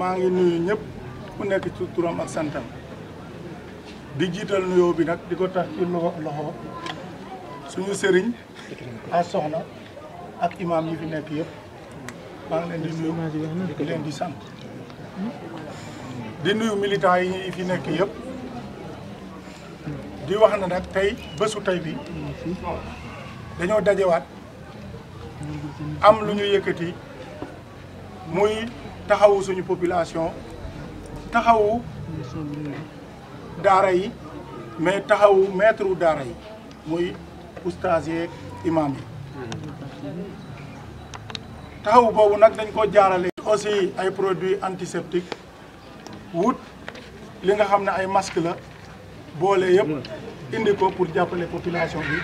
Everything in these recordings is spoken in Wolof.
maa ngi nuyu ñëpp ku nekk ci turam ak santam di jiital nuyoo bi nag di ko tax ci loxo suñu sëriñ a soxna ak imaam yi fi nekk yëpp maa ngi leen di nuyu di leen di sant di nuyu militant yi fi nekk yépp di wax na nag tey bésu tey bi dañoo dajewaat am lu ñu yëkkati muy taxawu suñu population taxawu daara yi mais taxawu maître wu daara yi muy oustaz yeeg yi taxawu boobu nag dañ ko jaarale aussi ay produits antiseptiques wut li nga xam ne ay masque la boole yëpp indi ko pour jàppale population bi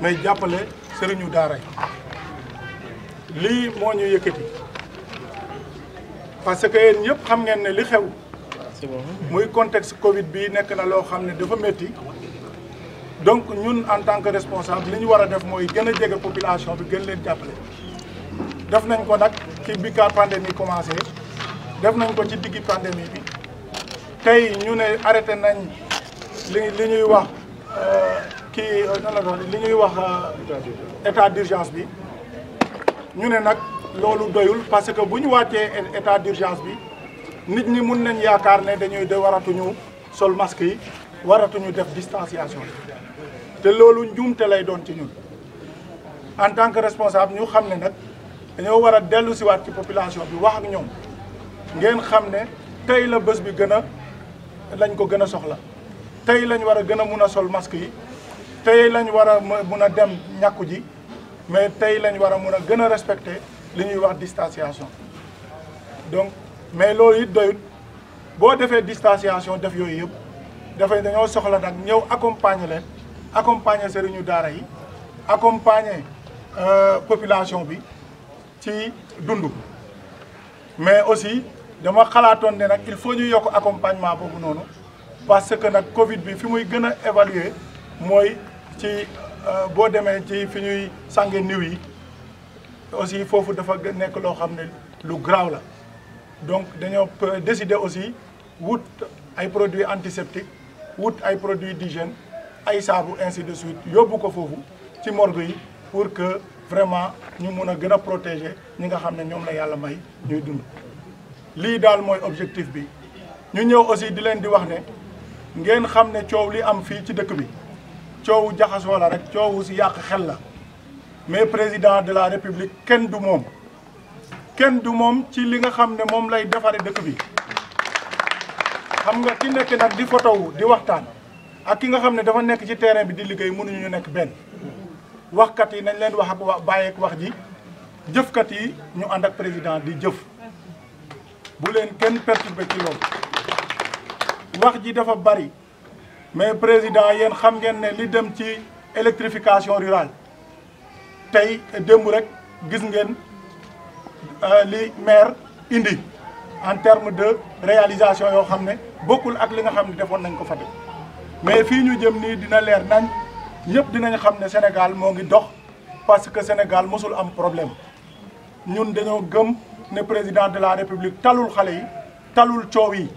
mais jàppale sëriñu daara yi lii moo ñu yëkkati parce que yéen ñëpp xam ngeen ne li xew muy contexte Covid bi nekk na loo xam ne dafa métti donc ñun en tant que responsable li ñu war a def mooy gën a jege population bi gën leen jàppale. def nañ ko nag ci bi ka pandémie commencé def nañ ko ci diggi pandémie bi tey ñu ne arrêté nañ li li ñuy wax euh, kii euh, nan la li ñuy wax euh, état d'urgence bi ñu ne nag. loolu doyul parce que bu ñu wàccee état d'urgence bi nit ñi mun nañ yaakaar ne dañuy de waratuñu sol masque yi waratuñu def distanciation te loolu njuumte lay doon ci ñun en tant que responsable ñu xam ne nag dañoo war a dellu siwaat ci population bi wax ak ñoom ngeen xam ne tey la bés bi gën a lañ ko gën a soxla tey lañ war a gën a mun a sol masque yi tey lañ war a mun a dem ñàkku ji mais tey lañ war a mun a gën a respecter li ñuy wax distanciation donc mais loolu it doyut boo defee distanciation def yooyu yëpp dafay dañoo soxla nag ñëw accompagner leen accompagner sëriñu daara yi accompagner euh, population bi ci dund mais aussi dama xalaatoon ne nag il faut ñu yokk accompagnement boobu noonu parce que nag Covid bi fi muy gën a évaluer mooy ci euh, boo demee ci fi ñuy sànge niw yi aussi foofu dafa nekk loo xam ne lu graaw la donc dañoo décider aussi wut ay produits antiseptiques wut ay produits d'hygiène ay saabu ainsi de suite yóbbu ko foofu ci morgue yi pour que vraiment ñu mun a gën a protéger ñi nga xam ne ñoom la yàlla may ñuy dund lii daal mooy objectif bi ñu ñëw aussi di leen di wax ne ngeen xam ne coow li am fii ci dëkk bi coowu jaxasoo la rek coowu si yàq xel la mais président de la république kenn du moom kenn du moom ci li nga xam ne moom lay defare dëkk bi xam nga ki nekk nag di fotow di waxtaan ak ki nga xam ne dafa nekk ci terrain bi di liggéey mënuñu nekk benn waxkat yi nañ leen wax ak wa bàyyeek wax ji jëfkat yi ñu ànd ak président di jëf bu leen kenn perturbé ci loolu wax ji dafa bari mais président yéen xam ngeen ne li dem ci électrification rurale tey démb rek gis ngeen euh, li maire indi en terme de réalisation yoo xam ne bokkul ak li nga xam ne defoon nañ ko Fatick mais fii ñu jëm nii dina leer nañ ñëpp dinañ xam ne Sénégal moo ngi dox parce que Sénégal mosul am problème ñun dañoo gëm ne président de la république talul xale yi talul coow yi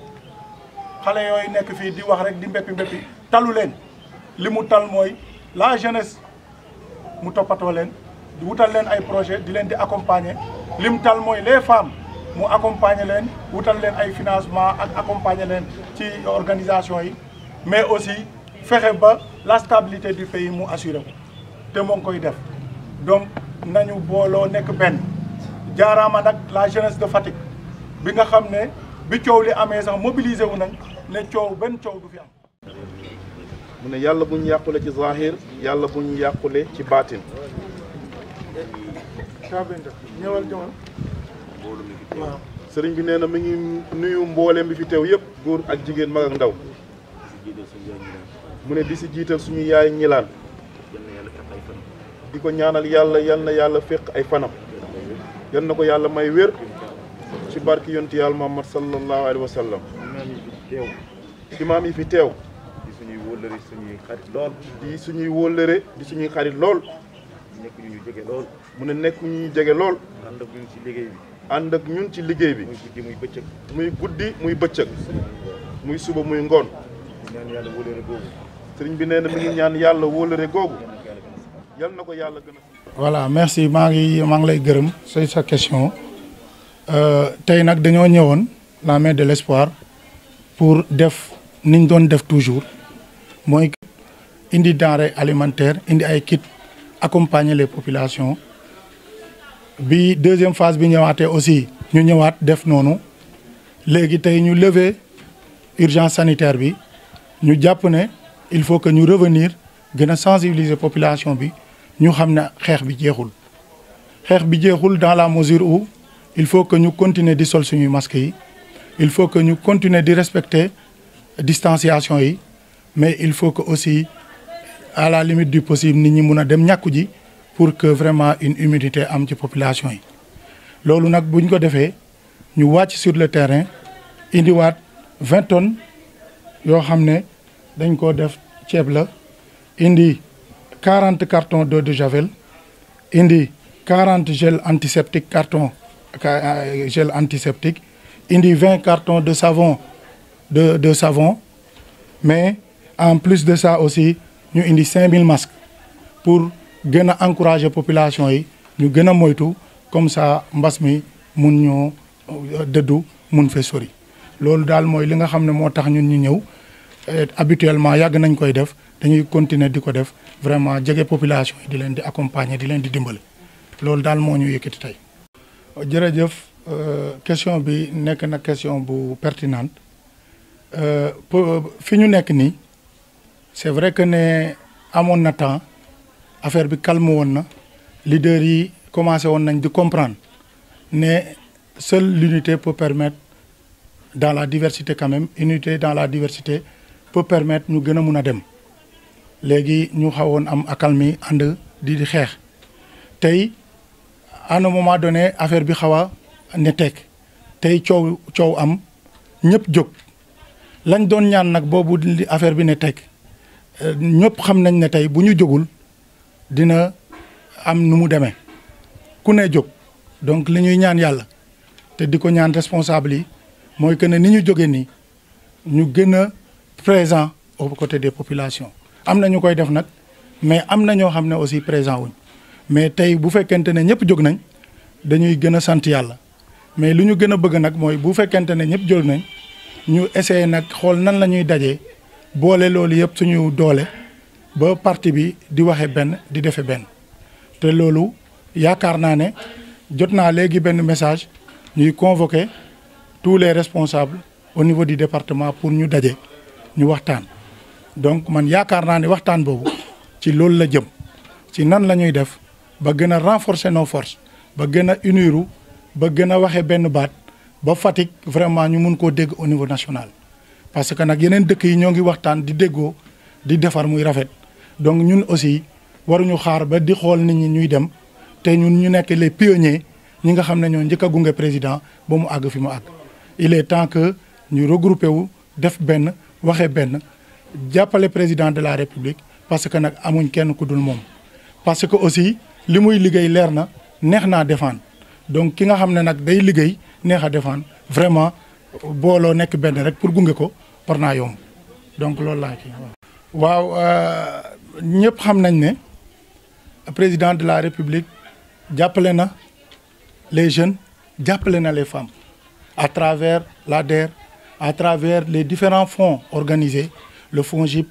xale yooyu nekk fii di wax rek di mbéppi mbéppi talu leen li mu tal mooy la jeunesse mu toppatoo leen wutal leen ay projet di leen di accompagner lim tal mooy les femmes mu accompagner leen wutal leen ay financement ak accompagner leen ci organisation yi mais aussi fexe ba la stabilité du pays mu assuré ko te moo ngi koy def donc nañu booloo nekk benn jaaraama nag la jeunesse de Fatick bi nga xam ne bi coow li amee sax mobilisé wu nañ ne coow benn coow du fi am mu ne yàlla buñ yàqule ci zahir yàlla buñ yàqule ci baatin sëriñ bi nee na mi ngi nuyu mbooleem bi fi teew yëpp góor ak jigéen mag ak di si jiital suñu yaay ñilaan di ko ñaanal yàlla yal na yàlla fekk ay fanam yal na ko yàlla may wér ci barki yonti yàlla Muhammad sallallahu alayhi wa sallam imaam yi fi teew wóllëre suñuy lool suñuy wóllëre di suñuy xarit lool nekk ñu jege lool mu ne nekk ñu jege lool ànd ak ñun ci liggéey bi ànd ak ñun ci liggéey bi muy guddi muy bëccëg muy guddi muy suba muy ngoon ñaan yàlla bi nee na mi ngi ñaan yàlla wóllëre googu yal na ko yàlla gën a voilà merci maa ngi maa ngi lay gërëm say sa question euh, tey nag dañoo ñëwoon la main de l'espoir pour def niñ doon def toujours mooy indi denrée alimentaire indi ay kit accompagner les population bi deuxième phase bi ñëwaatee aussi ñu ñëwaat def noonu léegi tey ñu lever urgence sanitaire bi ñu jàpp ne il faut que ñu revenir gën a sensibiliser population bi ñu xam ne xeex bi jeexul xeex bi jeexul dans la mesure où il faut que ñu continuer di sol suñuy masques yi il faut que ñu continuer di respecter distanciation yi mais il faut que aussi à la limite di possible nit ñi mun a dem ñàkku ji pour que vraiment une humidité am ci population yi loolu nag buñ ko defee ñu wàcc sur le terrain indiwaat vingt tonnes yoo xam ne dañ ko def ceeb la indi quarante cartons d'eau de javel indi quarante gel antiseptique carton euh, gel antiseptique indi vingt cartons de savon de de savon mais en plus de ça aussi ñu indi 5000 masques pour gën a encourager population yi ñu gën a moytu comme ça mbas mi mun ñoo euh, dëddu mun fee sori loolu daal mooy li nga xam ne moo tax ñun ñu ñëw euh, habituellement yàgg nañ koy def dañuy continuer di ko def vraiment jege population yi di leen di accompagner di leen di dimbali loolu daal moo ñu yëkkati tey. jërëjëf euh, question bi nekk na question bu pertinente fi ñu nekk nii. c'est vrai que ne amoon na temps affaire bi calme woon na leader yi commencé woon nañ di comprendre ne seule l'unité peut permettre dans la diversité quand même unité dans la diversité peut permettre ñu gën a mun a dem léegi ñu xawoon am accalmie ànd di di xeex tey à un moment donné affaire bi xaw a ne tekk tey coow coow am ñëpp jóg lañ doon ñaan nag boobu di affaire bi ne tekk ñëpp xam nañ ne tey bu ñu jógul dina am nu mu demee ku ne jóg donc li ñuy ñaan yàlla te di ko ñaan responsable yi mooy que ne ni ñu jógee nii ñu gën a présent au côté des populations am na ñu koy def nag mais am na ñoo xam ne aussi présent wuñ mais tey bu fekkente ne ñëpp jóg nañ dañuy gën a sant yàlla mais lu ñu gën a bëgg nag mooy bu fekkente ne ñëpp jóg nañ ñu essayer nag xool nan la ñuy dajee boole loolu yëpp suñu doole ba parti bi di waxe benn di defe benn te loolu yaakaar naa ne jot naa léegi benn message ñuy convoquer tous les responsables au niveau du département pour ñu daje ñu waxtaan donc man yaakaar naa ne waxtaan boobu ci loolu la jëm ci nan la ñuy def ba gën a renforcer nos forces ba gën a uniru ba gën a waxe benn baat ba Fatick vraiment ñu mun koo dégg au niveau national parce que nag yeneen dëkk yi ñoo ngi waxtaan di déggoo di defar muy rafet donc ñun aussi waruñu xaar ba di xool nit ñi ñuy dem te ñun ñu nekk les pionniers ñi nga xam ne ñoo njëkk a gunge président ba mu àgg fi mu àgg il est temps que ñu regroupé wu def benn waxee benn jàppale président de la république parce que nag amuñ kenn ku dul moom parce que aussi li muy liggéey leer na neex naa défendre donc ki nga xam ne nag day liggéey neex a défendre vraiment booloo nekk benn rek pour gunge ko war naa yomb donc loolu laa ci waaw euh, ñëpp xam nañ ne président de la république jàppale na les jeunes jàppale na les femmes à travers la l'ADER à travers les différents fonds organisés le fonds JIP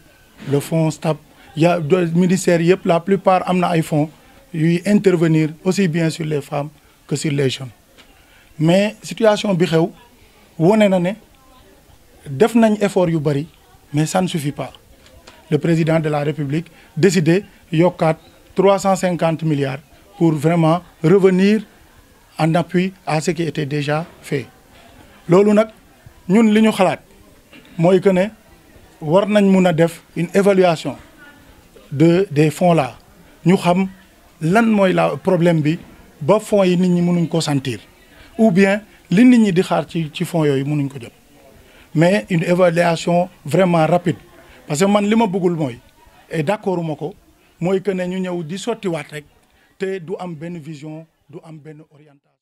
le fonds STAP ya ministère yëpp la plupart am na ay fonds yuy intervenir aussi bien sur les femmes que sur les jeunes mais situation bi xew wone na ne def nañ effort yu bëri mais ça ne suffit pas le président de la république décidé yokkaat trois cent cinquante milliards pour vraiment revenir en appui à ce qui était déjà fait loolu nag ñun li ñu xalaat mooy que ne war nañ mun a def une évaluation de des fonds là ñu xam lan mooy la problème bi ba fonds yi nit ñi mënuñ ko sentir ou bien li nit ñi di xaar ci ci fonds yooyu mënuñ ko jot mais une évaluation vraiment rapide parce que man li ma bëggul mooy et d'accord ma ko mooy que ne ñu ñëw di sottiwaat rek te du am benn vision du am benn orientation